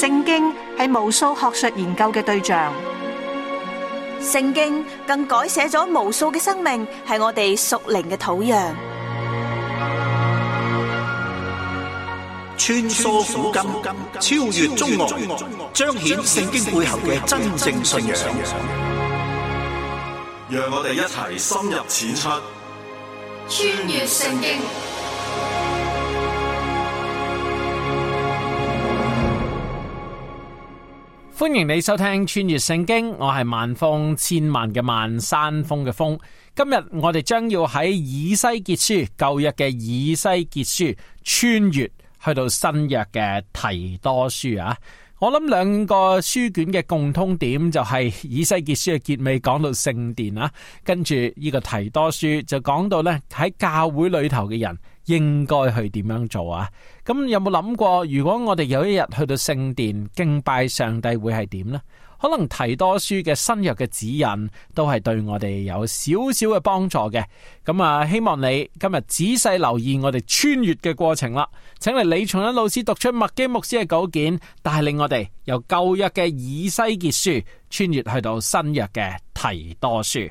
聖經係無數學術研究嘅對象，聖經更改寫咗無數嘅生命，係我哋屬靈嘅土壤。穿梭古今，超越中國，彰顯聖經背後嘅真正信仰。讓我哋一齊深入淺出，穿越聖經。歡迎你收聽穿越聖經，我係萬峰，千萬嘅萬，山峰嘅峰。今日我哋將要喺以西結書，舊約嘅以西結書穿越去到新約嘅提多書啊。我諗兩個書卷嘅共通點就係，以西結書嘅結尾講到聖殿啊，跟住呢個提多書就講到呢喺教會裏頭嘅人。應該去點樣做啊？咁有冇諗過？如果我哋有一日去到聖殿敬拜上帝，會係點呢？可能提多書嘅新約嘅指引，都係對我哋有少少嘅幫助嘅。咁啊，希望你今日仔細留意我哋穿越嘅過程啦。請嚟李松恩老師讀出麥基牧師嘅稿件，帶領我哋由舊約嘅以西結書穿越去到新約嘅提多書。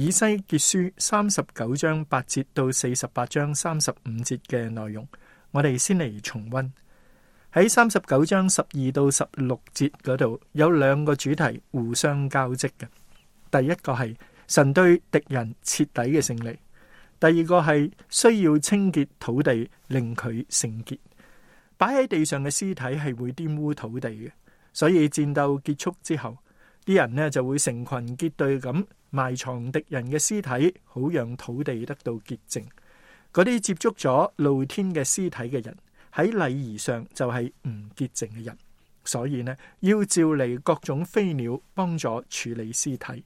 以西結書三十九章八節到四十八章三十五節嘅內容，我哋先嚟重溫。喺三十九章十二到十六節嗰度有兩個主題互相交織嘅。第一個係神對敵人徹底嘅勝利；第二個係需要清潔土地，令佢聖潔。擺喺地上嘅屍體係會玷污土地嘅，所以戰鬥結束之後。啲人呢就會成群結隊咁埋藏敵人嘅屍體，好讓土地得到潔淨。嗰啲接觸咗露天嘅屍體嘅人喺禮儀上就係唔潔淨嘅人，所以呢，要召嚟各種飛鳥幫助處理屍體。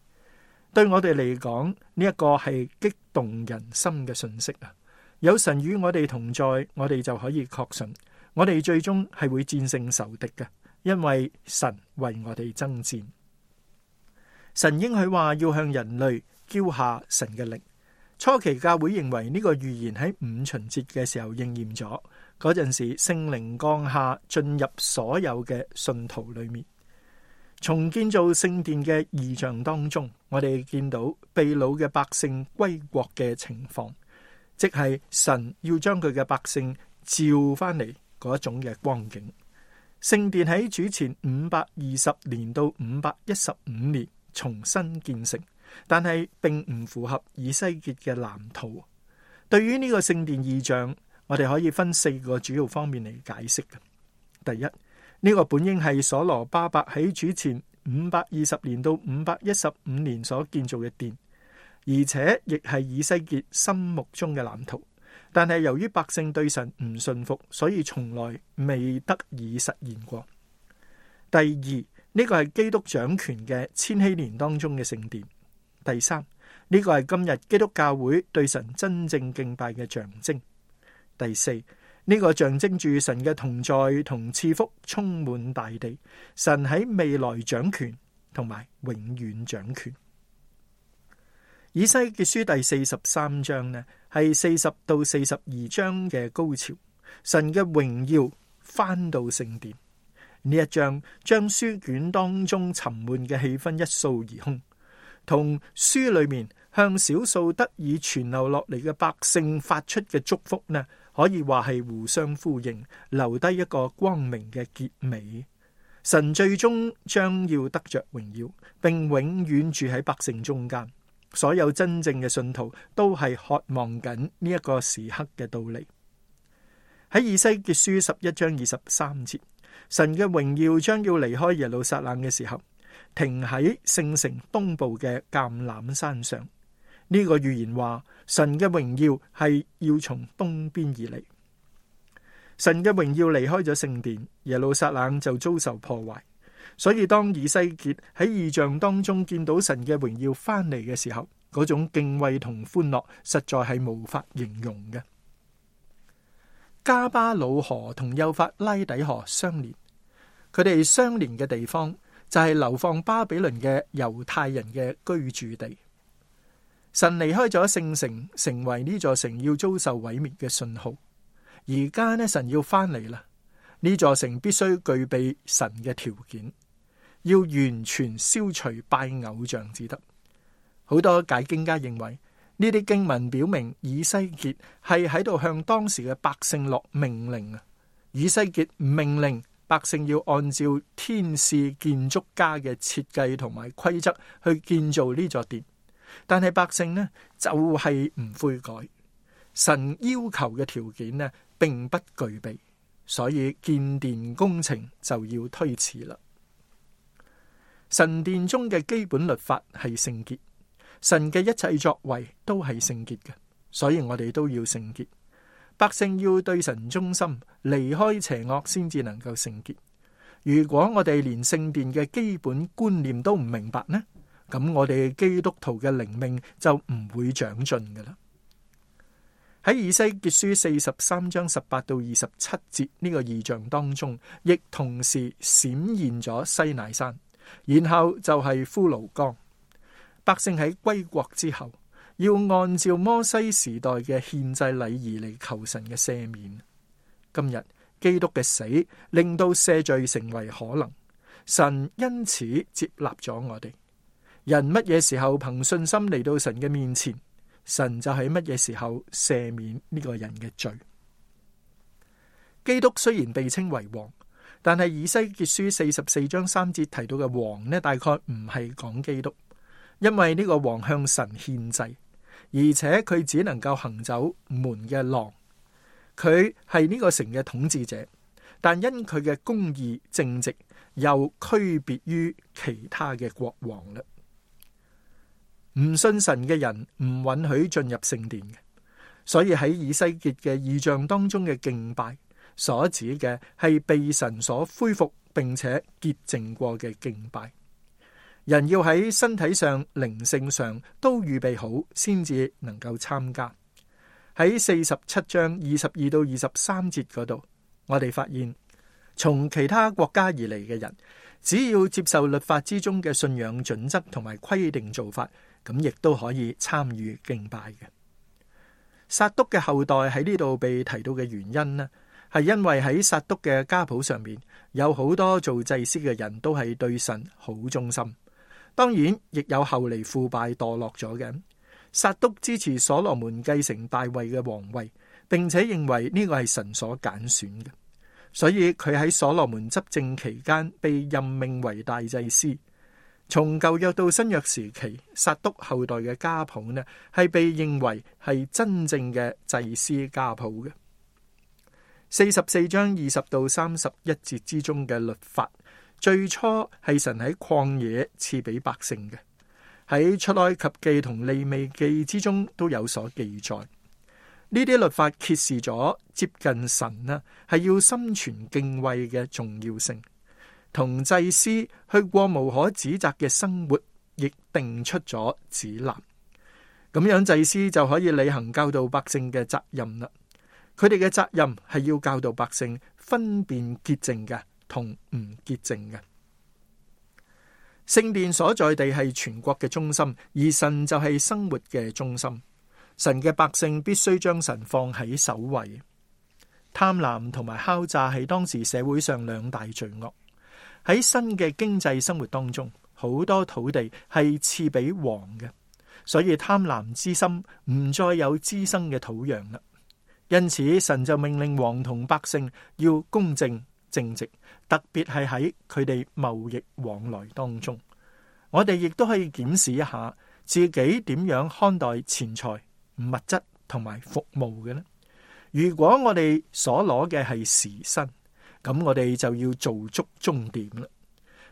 對我哋嚟講呢一個係激動人心嘅訊息啊！有神與我哋同在，我哋就可以確信，我哋最終係會戰勝仇敵嘅，因為神為我哋爭戰。神應許，話要向人類澆下神嘅靈。初期教會認為呢個預言喺五旬節嘅時候應驗咗嗰陣時，聖靈降下進入所有嘅信徒裏面，重建造聖殿嘅異象當中，我哋見到被擄嘅百姓歸國嘅情況即係神要將佢嘅百姓召翻嚟嗰一種嘅光景。聖殿喺主前五百二十年到五百一十五年。重新建成，但係並唔符合以西結嘅藍圖。對於呢個聖殿意象，我哋可以分四個主要方面嚟解釋。第一，呢、這個本應係所羅巴伯喺主前五百二十年到五百一十五年所建造嘅殿，而且亦係以西結心目中嘅藍圖。但係由於百姓對神唔信服，所以從來未得以實現過。第二，呢個係基督掌權嘅千禧年當中嘅聖殿。第三，呢個係今日基督教會對神真正敬拜嘅象徵。第四，呢個象徵住神嘅同在同賜福充滿大地。神喺未來掌權，同埋永遠掌權。以西結書第四十三章呢，係四十到四十二章嘅高潮。神嘅榮耀返到聖殿。呢一章將書卷當中沉悶嘅氣氛一掃而空，同書裏面向少數得以存留落嚟嘅百姓發出嘅祝福呢，可以話係互相呼應，留低一個光明嘅結尾。神最終將要得着榮耀，並永遠住喺百姓中間。所有真正嘅信徒都係渴望緊呢一個時刻嘅到嚟。喺以西結書十一章二十三節。神嘅榮耀將要離開耶路撒冷嘅時候，停喺聖城東部嘅橄欖山上。呢、這個預言話，神嘅榮耀係要從東邊而嚟。神嘅榮耀離開咗聖殿，耶路撒冷就遭受破壞。所以當以西結喺異象當中見到神嘅榮耀翻嚟嘅時候，嗰種敬畏同歡樂實在係無法形容嘅。加巴魯河同幼發拉底河相連。佢哋相連嘅地方就係、是、流放巴比倫嘅猶太人嘅居住地。神離開咗聖城，成為呢座城要遭受毀滅嘅信號。而家呢，神要翻嚟啦，呢座城必須具備神嘅條件，要完全消除拜偶像至得。好多解經家認為呢啲經文表明以西結係喺度向當時嘅百姓落命令啊！以西結命令。百姓要按照天使建築家嘅設計同埋規則去建造呢座殿，但係百姓呢就係唔悔改。神要求嘅條件呢，並不具備，所以建殿工程就要推遲啦。神殿中嘅基本律法係聖潔，神嘅一切作為都係聖潔嘅，所以我哋都要聖潔。百姓要對神忠心，離開邪惡，先至能夠聖潔。如果我哋連聖殿嘅基本觀念都唔明白呢，咁我哋基督徒嘅靈命就唔會長進噶啦。喺以西結書四十三章十八到二十七節呢個異象當中，亦同時閃現咗西乃山，然後就係骷髏江。百姓喺歸國之後，要按照摩西時代嘅獻祭禮儀嚟求神嘅赦免。今日基督嘅死，令到赦罪成為可能。神因此接納咗我哋。人乜嘢時候憑信心嚟到神嘅面前，神就喺乜嘢時候赦免呢個人嘅罪。基督雖然被稱為王，但係以西結書四十四章三節提到嘅王呢，大概唔係講基督。因為呢個王向神獻祭，而且佢只能夠行走門嘅廊，佢係呢個城嘅統治者，但因佢嘅公義正直，又區別於其他嘅國王啦。唔信神嘅人唔允許進入聖殿嘅，所以喺以西結嘅異象當中嘅敬拜，所指嘅係被神所恢復並且潔淨過嘅敬拜。人要喺身體上、靈性上都預備好，先至能夠參加。喺四十七章二十二到二十三節嗰度，我哋發現從其他國家而嚟嘅人，只要接受律法之中嘅信仰準則同埋規定做法，咁亦都可以參與敬拜嘅。撒督嘅後代喺呢度被提到嘅原因呢，係因為喺撒督嘅家譜上面有好多做祭司嘅人都係對神好忠心。當然，亦有後嚟腐敗墮落咗嘅。撒督支持所羅門繼承大衛嘅皇位，並且認為呢個係神所揀選嘅，所以佢喺所羅門執政期間被任命為大祭司。從舊約到新約時期，撒督後代嘅家譜呢係被認為係真正嘅祭司家譜嘅。四十四章二十到三十一節之中嘅律法。最初係神喺曠野賜俾百姓嘅，喺出埃及記同利未記之中都有所記載。呢啲律法揭示咗接近神啊，係要心存敬畏嘅重要性。同祭司去過無可指責嘅生活，亦定出咗指南。咁樣祭司就可以履行教導百姓嘅責任啦。佢哋嘅責任係要教導百姓分辨潔淨嘅。同唔潔淨嘅。聖殿所在地係全國嘅中心，而神就係生活嘅中心。神嘅百姓必須將神放喺首位。貪婪同埋敲詐係當時社會上兩大罪惡。喺新嘅經濟生活當中，好多土地係賜俾王嘅，所以貪婪之心唔再有滋生嘅土壤啦。因此，神就命令王同百姓要公正。正直，特別係喺佢哋貿易往來當中，我哋亦都可以檢視一下自己點樣看待錢財、物質同埋服務嘅咧。如果我哋所攞嘅係時薪，咁我哋就要做足終點啦。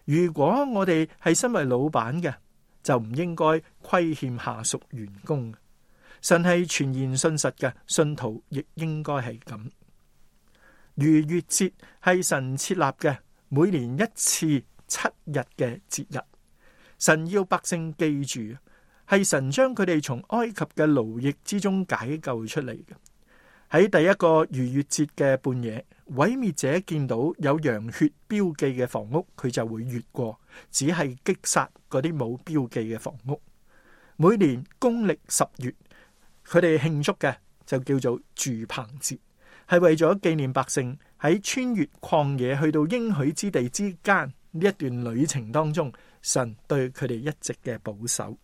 如果我哋係身為老闆嘅，就唔應該虧欠下屬員工。神係全然信實嘅，信徒亦應該係咁。逾越節係神設立嘅每年一次七日嘅節日，神要百姓記住，係神將佢哋從埃及嘅奴役之中解救出嚟嘅。喺第一個逾越節嘅半夜，毀滅者見到有羊血標記嘅房屋，佢就會越過，只係擊殺嗰啲冇標記嘅房屋。每年公曆十月，佢哋慶祝嘅就叫做住棚節。係為咗紀念百姓喺穿越曠野去到應許之地之間呢一段旅程當中，神對佢哋一直嘅保守。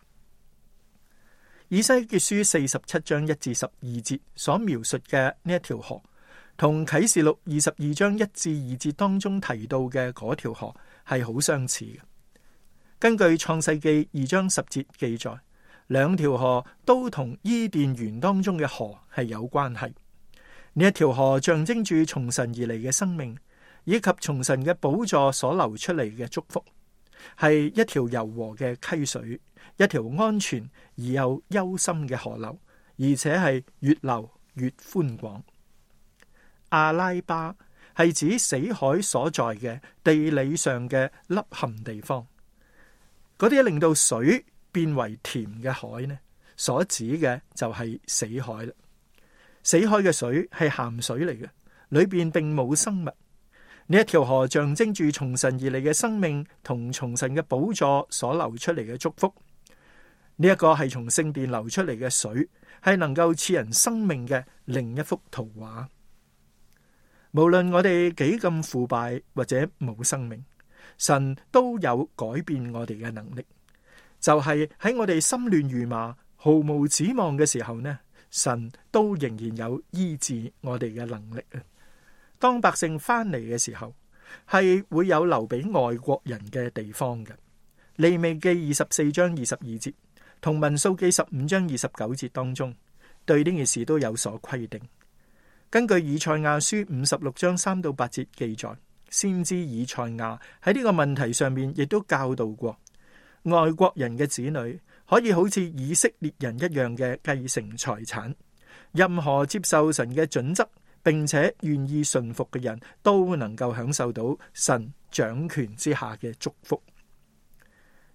以西結書四十七章一至十二節所描述嘅呢一條河，同啟示錄二十二章一至二節當中提到嘅嗰條河係好相似嘅。根據創世記二章十節記載，兩條河都同伊甸園當中嘅河係有關係。呢一條河象徵住從神而嚟嘅生命，以及從神嘅寶座所流出嚟嘅祝福，係一條柔和嘅溪水，一條安全而又幽深嘅河流，而且係越流越寬廣。阿拉巴係指死海所在嘅地理上嘅凹陷地方，嗰啲令到水變為甜嘅海呢？所指嘅就係死海死海嘅水係鹹水嚟嘅，裏邊並冇生物。呢一條河象徵住從神而嚟嘅生命同從神嘅寶座所流出嚟嘅祝福。呢一個係從聖殿流出嚟嘅水，係能夠賜人生命嘅另一幅圖畫。無論我哋幾咁腐敗或者冇生命，神都有改變我哋嘅能力。就係喺我哋心亂如麻、毫無指望嘅時候呢，神都仍然有醫治我哋嘅能力。當百姓返嚟嘅時候，係會有留俾外國人嘅地方嘅。利未記二十四章二十二節同民數記十五章二十九節當中，對呢件事都有所規定。根據以賽亞書五十六章三到八節記載，先知以賽亞喺呢個問題上面亦都教導過外國人嘅子女。可以好似以色列人一樣嘅繼承財產，任何接受神嘅準則並且願意順服嘅人都能夠享受到神掌權之下嘅祝福。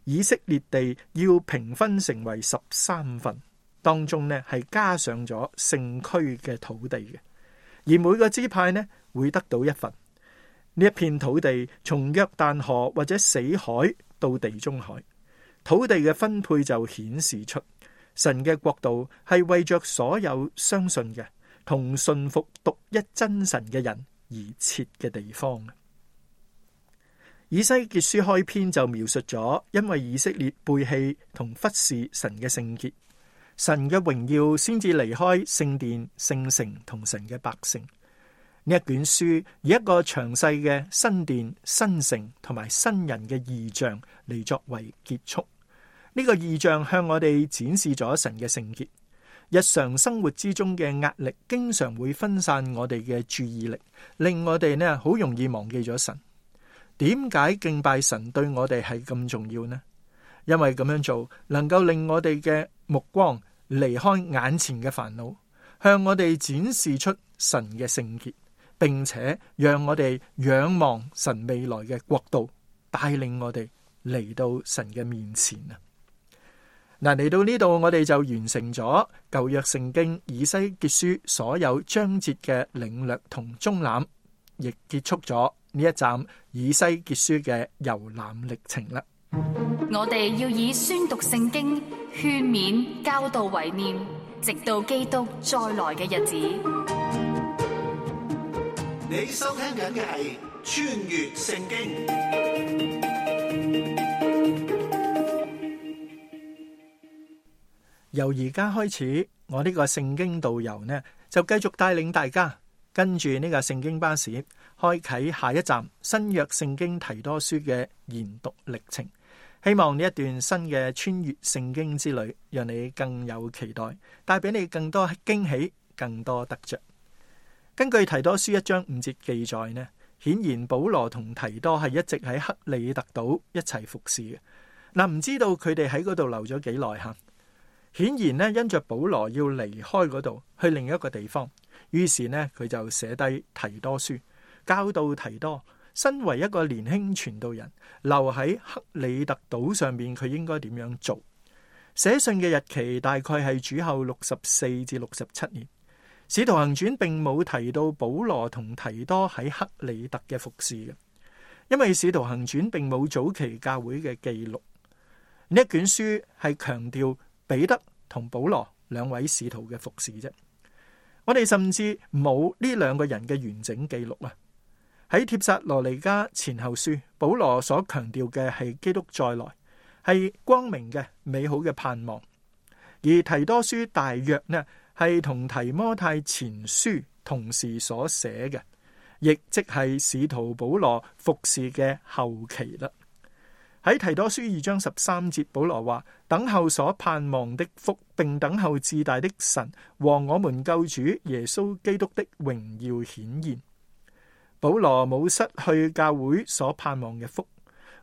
以色列地要平分成為十三份，當中呢，係加上咗聖區嘅土地嘅，而每個支派呢會得到一份，呢一片土地，從約旦河或者死海到地中海。土地嘅分配就顯示出神嘅國度係為着所有相信嘅同信服獨一真神嘅人而設嘅地方。以西結書開篇就描述咗，因為以色列背棄同忽視神嘅聖潔，神嘅榮耀先至離開聖殿、聖城同神嘅百姓。呢一卷書以一個詳細嘅新殿、新城同埋新人嘅異象，嚟作為結束。呢個異象向我哋展示咗神嘅聖潔。日常生活之中嘅壓力，經常會分散我哋嘅注意力，令我哋呢好容易忘記咗神。點解敬拜神對我哋係咁重要呢？因為咁樣做能夠令我哋嘅目光離開眼前嘅煩惱，向我哋展示出神嘅聖潔，並且讓我哋仰望神未來嘅國度，帶領我哋嚟到神嘅面前啊！嗱，嚟到呢度，我哋就完成咗舊約聖經以西結書所有章節嘅領略同綜覽，亦結束咗呢一站以西結書嘅遊覽歷程啦。我哋要以宣讀聖經勸勉教導為念，直到基督再來嘅日子。你收聽緊嘅係穿越聖經。由而家開始，我呢個聖經導遊呢，就繼續帶領大家跟住呢個聖經巴士，開啟下一站新約聖經提多書嘅研讀歷程。希望呢一段新嘅穿越聖經之旅，讓你更有期待，帶俾你更多驚喜，更多得着。根據提多書一章五節記載呢，顯然保羅同提多係一直喺克里特島一齊服侍嘅。嗱，唔知道佢哋喺嗰度留咗幾耐吓。顯然咧，因着保羅要離開嗰度去另一個地方，於是呢，佢就寫低提多書，教導提多身為一個年輕傳道人留喺克里特島上面，佢應該點樣做？寫信嘅日期大概係主後六十四至六十七年。使徒行傳並冇提到保羅同提多喺克里特嘅服侍嘅，因為使徒行傳並冇早期教會嘅記錄。呢一卷書係強調。彼得同保羅兩位使徒嘅服侍啫，我哋甚至冇呢兩個人嘅完整記錄啊！喺帖撒羅尼加前後書，保羅所強調嘅係基督再來，係光明嘅美好嘅盼望；而提多書大約呢，係同提摩太前書同時所寫嘅，亦即係使徒保羅服侍嘅後期啦。喺提多書二章十三節，保羅話：等候所盼望的福，並等候至大的神和我們救主耶穌基督的榮耀顯現。保羅冇失去教會所盼望嘅福，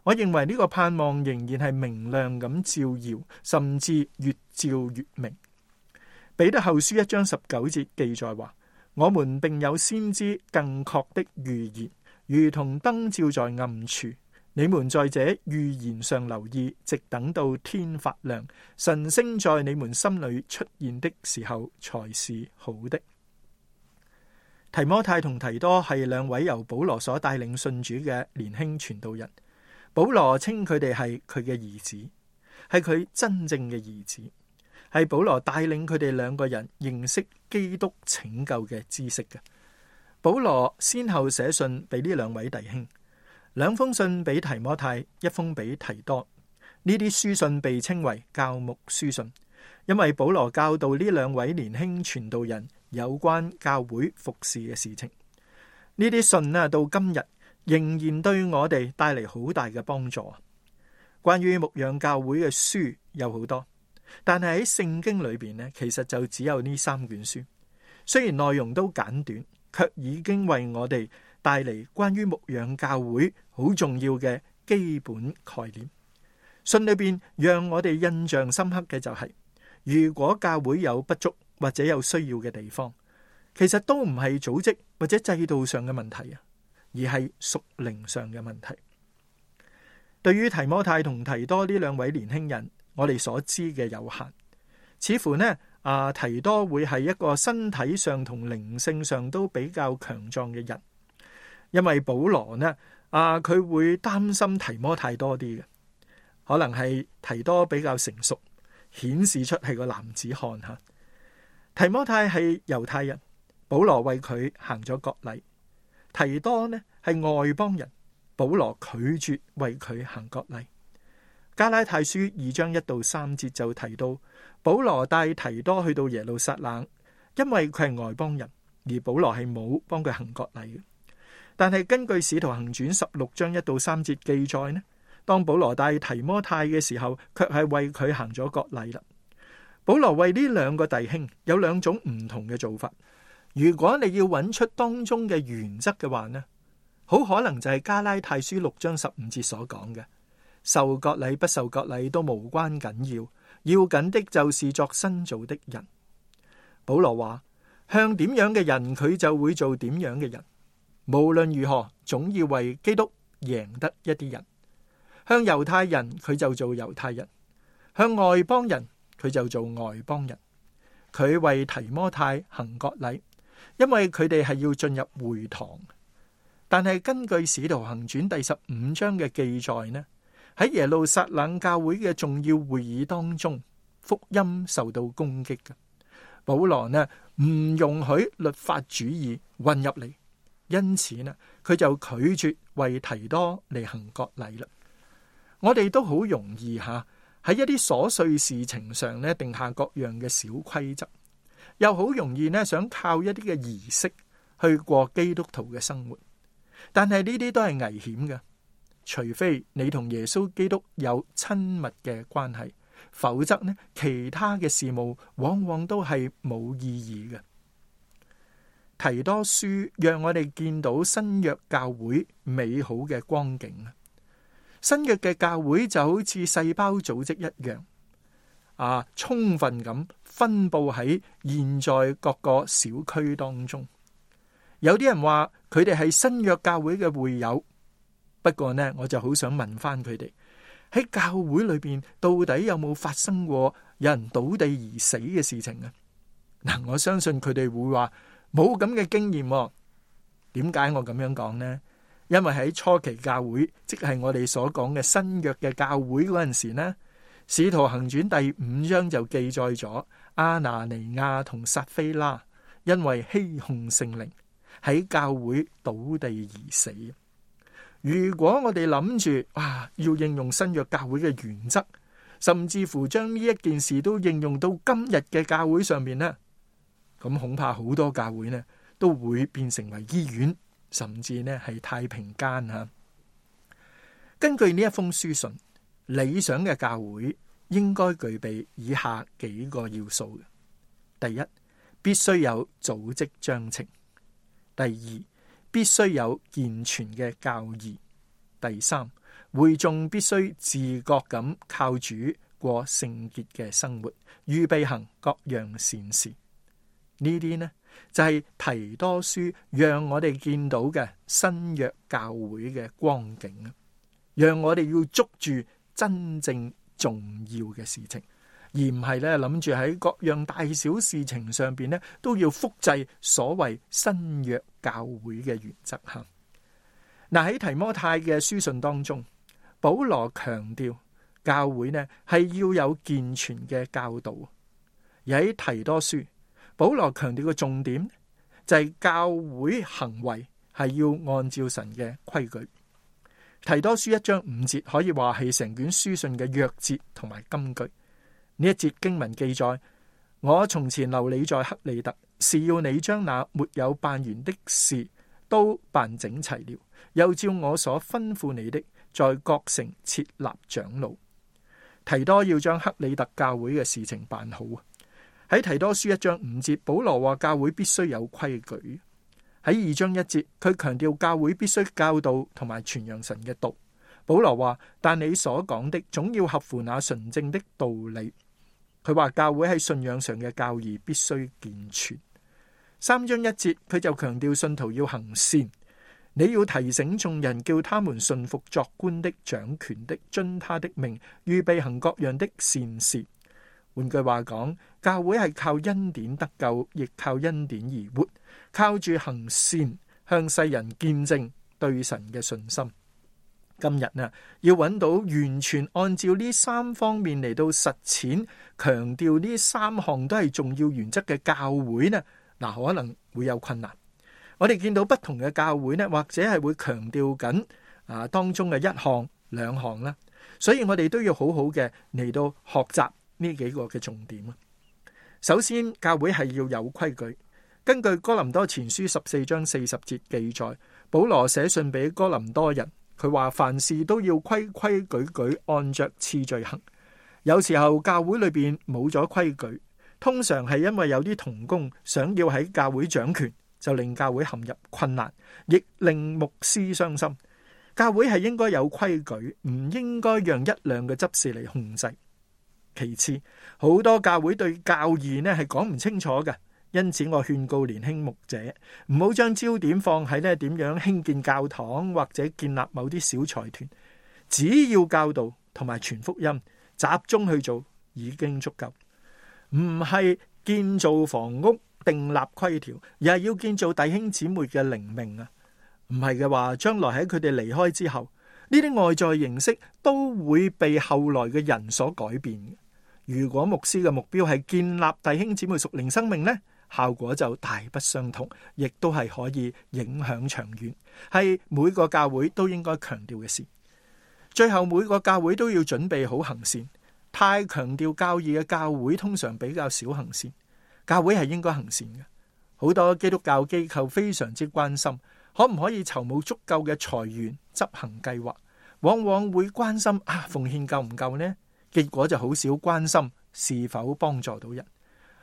我認為呢個盼望仍然係明亮咁照耀，甚至越照越明。彼得後書一章十九節記載話：我們並有先知更確的預言，如同燈照在暗處。你們在這預言上留意，直等到天發亮，晨星在你們心裏出現的時候，才是好的。提摩太同提多係兩位由保羅所帶領信主嘅年輕傳道人，保羅稱佢哋係佢嘅兒子，係佢真正嘅兒子，係保羅帶領佢哋兩個人認識基督拯救嘅知識嘅。保羅先後寫信俾呢兩位弟兄。兩封信俾提摩太，一封俾提多。呢啲書信被稱為教牧書信，因為保羅教導呢兩位年輕傳道人有關教會服侍嘅事情。呢啲信啊，到今日仍然對我哋帶嚟好大嘅幫助啊。關於牧養教會嘅書有好多，但係喺聖經裏邊呢，其實就只有呢三卷書。雖然內容都簡短，卻已經為我哋帶嚟關於牧養教會。好重要嘅基本概念。信裏邊讓我哋印象深刻嘅就係，如果教會有不足或者有需要嘅地方，其實都唔係組織或者制度上嘅問題啊，而係屬靈上嘅問題。對於提摩太同提多呢兩位年輕人，我哋所知嘅有限，似乎呢啊提多會係一個身體上同靈性上都比較強壯嘅人，因為保羅呢。啊！佢會擔心提摩太多啲嘅，可能係提多比較成熟，顯示出係個男子漢吓。提摩太係猶太人，保羅為佢行咗割禮。提多呢，係外邦人，保羅拒絕為佢行割禮。加拉太書二章一到三節就提到，保羅帶提多去到耶路撒冷，因為佢係外邦人，而保羅係冇幫佢行割禮嘅。但係根據《使徒行傳》十六章一到三節記載呢，當保羅帶提摩太嘅時候，卻係為佢行咗割禮啦。保羅為呢兩個弟兄有兩種唔同嘅做法。如果你要揾出當中嘅原則嘅話呢，好可能就係加拉太書六章十五節所講嘅，受割禮不受割禮都無關緊要，要緊的就是作新造的人。保羅話：向點樣嘅人，佢就會做點樣嘅人。無論如何，總要為基督贏得一啲人。向猶太人，佢就做猶太人；向外邦人，佢就做外邦人。佢為提摩太行割禮，因為佢哋係要進入會堂。但係根據《使徒行傳》第十五章嘅記載呢，喺耶路撒冷教會嘅重要會議當中，福音受到攻擊。保羅呢，唔容許律法主義混入嚟。因此呢，佢就拒絕為提多嚟行割禮啦。我哋都好容易吓喺一啲瑣碎事情上咧定下各樣嘅小規則，又好容易咧想靠一啲嘅儀式去過基督徒嘅生活。但係呢啲都係危險嘅，除非你同耶穌基督有親密嘅關係，否則呢，其他嘅事務往往都係冇意義嘅。提多書讓我哋見到新約教會美好嘅光景。新約嘅教會就好似細胞組織一樣，啊，充分咁分布喺現在各個小區當中。有啲人話佢哋係新約教會嘅會友，不過呢，我就好想問翻佢哋喺教會裏邊到底有冇發生過有人倒地而死嘅事情啊？嗱，我相信佢哋會話。冇咁嘅經驗，哦，點解我咁樣講呢？因為喺初期教會，即係我哋所講嘅新約嘅教會嗰陣時呢，使徒行傳第五章就記載咗阿拿尼亞同撒非拉因為欺哄聖靈喺教會倒地而死。如果我哋諗住哇，要應用新約教會嘅原則，甚至乎將呢一件事都應用到今日嘅教會上面呢？咁恐怕好多教會呢，都會變成為醫院，甚至呢，係太平間吓。根據呢一封書信，理想嘅教會應該具備以下幾個要素：第一，必須有組織章程；第二，必須有健全嘅教義；第三，會眾必須自覺咁靠主過聖潔嘅生活，預備行各樣善事。呢啲呢就係提多書，讓我哋見到嘅新約教會嘅光景啊。讓我哋要捉住真正重要嘅事情，而唔係呢諗住喺各樣大小事情上邊呢都要複製所謂新約教會嘅原則吓。嗱，喺提摩太嘅書信當中，保羅強調教會呢係要有健全嘅教導，而喺提多書。保羅強調嘅重點就係教會行為係要按照神嘅規矩。提多書一章五節可以話係成卷書信嘅約節同埋金句。呢一節經文記載：我從前留你在克里特，是要你將那沒有辦完的事都辦整齊了，又照我所吩咐你的，在各城設立長老。提多要將克里特教會嘅事情辦好。喺提多書一章五節，保羅話教會必須有規矩。喺二章一節，佢強調教會必須教導同埋傳揚神嘅道。保羅話：但你所講的，總要合乎那純正的道理。佢話教會喺信仰上嘅教義必須健全。三章一節，佢就強調信徒要行善。你要提醒眾人，叫他們順服作官的、掌權的，遵他的命，預備行各樣嘅善事。換句話講，教會係靠恩典得救，亦靠恩典而活，靠住行善，向世人見證對神嘅信心。今日啊，要揾到完全按照呢三方面嚟到實踐，強調呢三項都係重要原則嘅教會呢嗱，可能會有困難。我哋見到不同嘅教會呢，或者係會強調緊啊當中嘅一項、兩項啦，所以我哋都要好好嘅嚟到學習。呢幾個嘅重點啊，首先教會係要有規矩。根據哥林多前書十四章四十節記載，保羅寫信俾哥林多人，佢話凡事都要規規矩矩，按着次序行。有時候教會裏邊冇咗規矩，通常係因為有啲同工想要喺教會掌權，就令教會陷入困難，亦令牧師傷心。教會係應該有規矩，唔應該讓一兩個執事嚟控制。其次，好多教會對教義呢係講唔清楚嘅，因此我勸告年輕牧者唔好將焦點放喺呢點樣興建教堂或者建立某啲小財團。只要教導同埋傳福音集中去做已經足夠，唔係建造房屋訂立規條，而係要建造弟兄姊妹嘅靈命啊。唔係嘅話，將來喺佢哋離開之後，呢啲外在形式都會被後來嘅人所改變。如果牧師嘅目標係建立弟兄姊妹屬靈生命咧，效果就大不相同，亦都係可以影響長遠，係每個教會都應該強調嘅事。最後，每個教會都要準備好行善。太強調教義嘅教會通常比較少行善。教會係應該行善嘅。好多基督教機構非常之關心，可唔可以籌募足夠嘅財源執行計劃？往往會關心啊，奉獻夠唔夠呢？結果就好少關心是否幫助到人，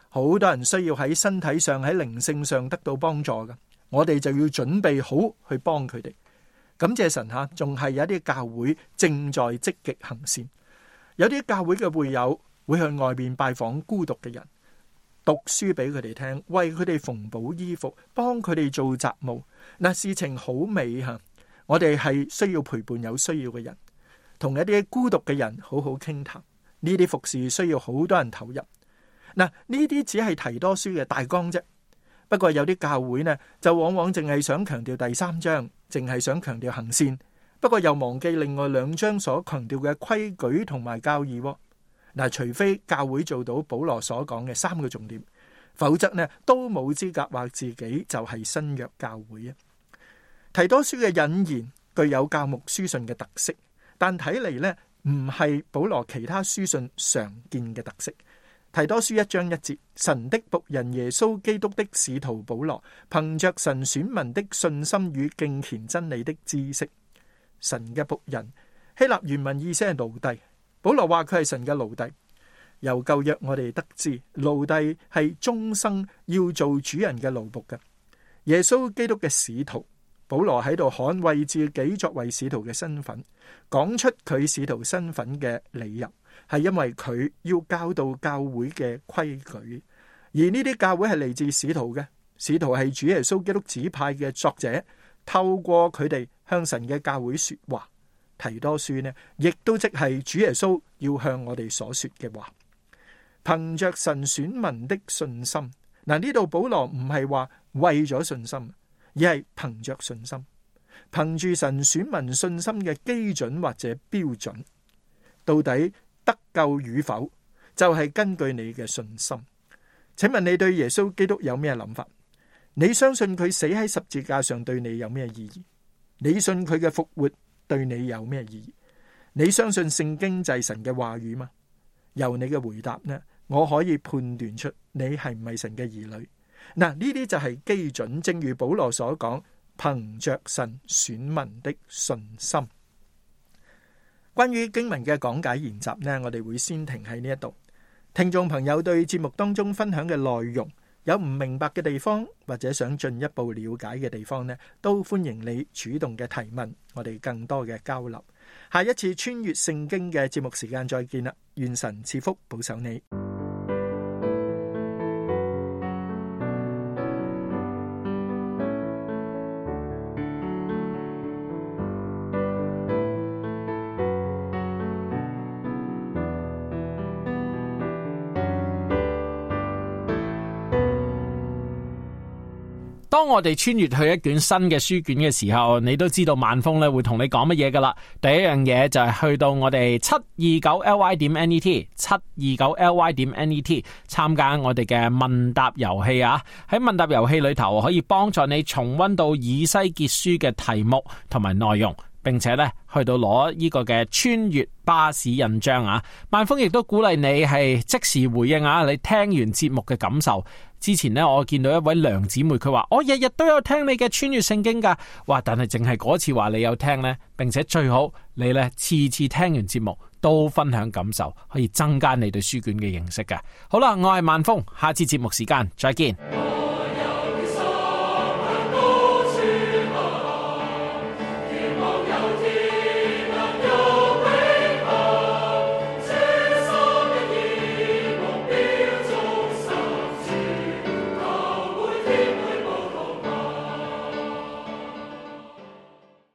好多人需要喺身體上、喺靈性上得到幫助㗎。我哋就要準備好去幫佢哋。感謝神吓，仲係有啲教會正在積極行善，有啲教會嘅會友會去外面拜訪孤獨嘅人，讀書俾佢哋聽，為佢哋縫補衣服，幫佢哋做雜務。嗱，事情好美吓，我哋係需要陪伴有需要嘅人。同一啲孤獨嘅人好好傾談，呢啲服侍需要好多人投入嗱。呢啲只係提多書嘅大綱啫，不過有啲教會呢就往往淨係想強調第三章，淨係想強調行善，不過又忘記另外兩章所強調嘅規矩同埋教義。嗱，除非教會做到保羅所講嘅三個重點，否則呢都冇資格話自己就係新約教會啊。提多書嘅引言具有教牧書信嘅特色。但睇嚟呢，唔係保羅其他書信常見嘅特色。提多書一章一節，神的僕人耶穌基督的使徒保羅，憑着神選民的信心與敬虔真理的知識，神嘅僕人，希臘原文意思係奴隸。保羅話佢係神嘅奴隸，由舊約我哋得知，奴隸係終生要做主人嘅奴僕嘅。耶穌基督嘅使徒。保羅喺度捍衛自己作為使徒嘅身份，講出佢使徒身份嘅理由，係因為佢要教導教會嘅規矩。而呢啲教會係嚟自使徒嘅，使徒係主耶穌基督指派嘅作者，透過佢哋向神嘅教會說話。提多書呢，亦都即係主耶穌要向我哋所說嘅話。憑着神選民的信心，嗱，呢度保羅唔係話為咗信心。而係憑着信心，憑住神選民信心嘅基準或者標準，到底得救與否，就係、是、根據你嘅信心。請問你對耶穌基督有咩諗法？你相信佢死喺十字架上對你有咩意義？你信佢嘅復活對你有咩意義？你相信聖經祭神嘅話語嗎？由你嘅回答呢，我可以判斷出你係唔係神嘅兒女。嗱，呢啲就係基準，正如保羅所講，憑着神選民的信心。關於經文嘅講解研習呢，我哋會先停喺呢一度。聽眾朋友對節目當中分享嘅內容有唔明白嘅地方，或者想進一步了解嘅地方呢，都歡迎你主動嘅提問，我哋更多嘅交流。下一次穿越聖經嘅節目時間再見啦，願神賜福保守你。當我哋穿越去一卷新嘅書卷嘅時候，你都知道萬峰咧會同你講乜嘢㗎喇。第一樣嘢就係去到我哋 729LY.net 729LY.net 參加我哋嘅問答遊戲啊！喺問答遊戲裏頭，可以幫助你重温到以西結書嘅題目同埋內容，並且咧去到攞呢個嘅穿越巴士印章啊！萬峰亦都鼓勵你係即時回應啊！你聽完節目嘅感受。之前呢，我見到一位梁姊妹，佢話我日日都有聽你嘅穿越聖經噶。哇！但係淨係嗰次話你有聽呢？並且最好你呢次次聽完節目都分享感受，可以增加你對書卷嘅認識噶。好啦，我係萬峰，下次節目時間再見。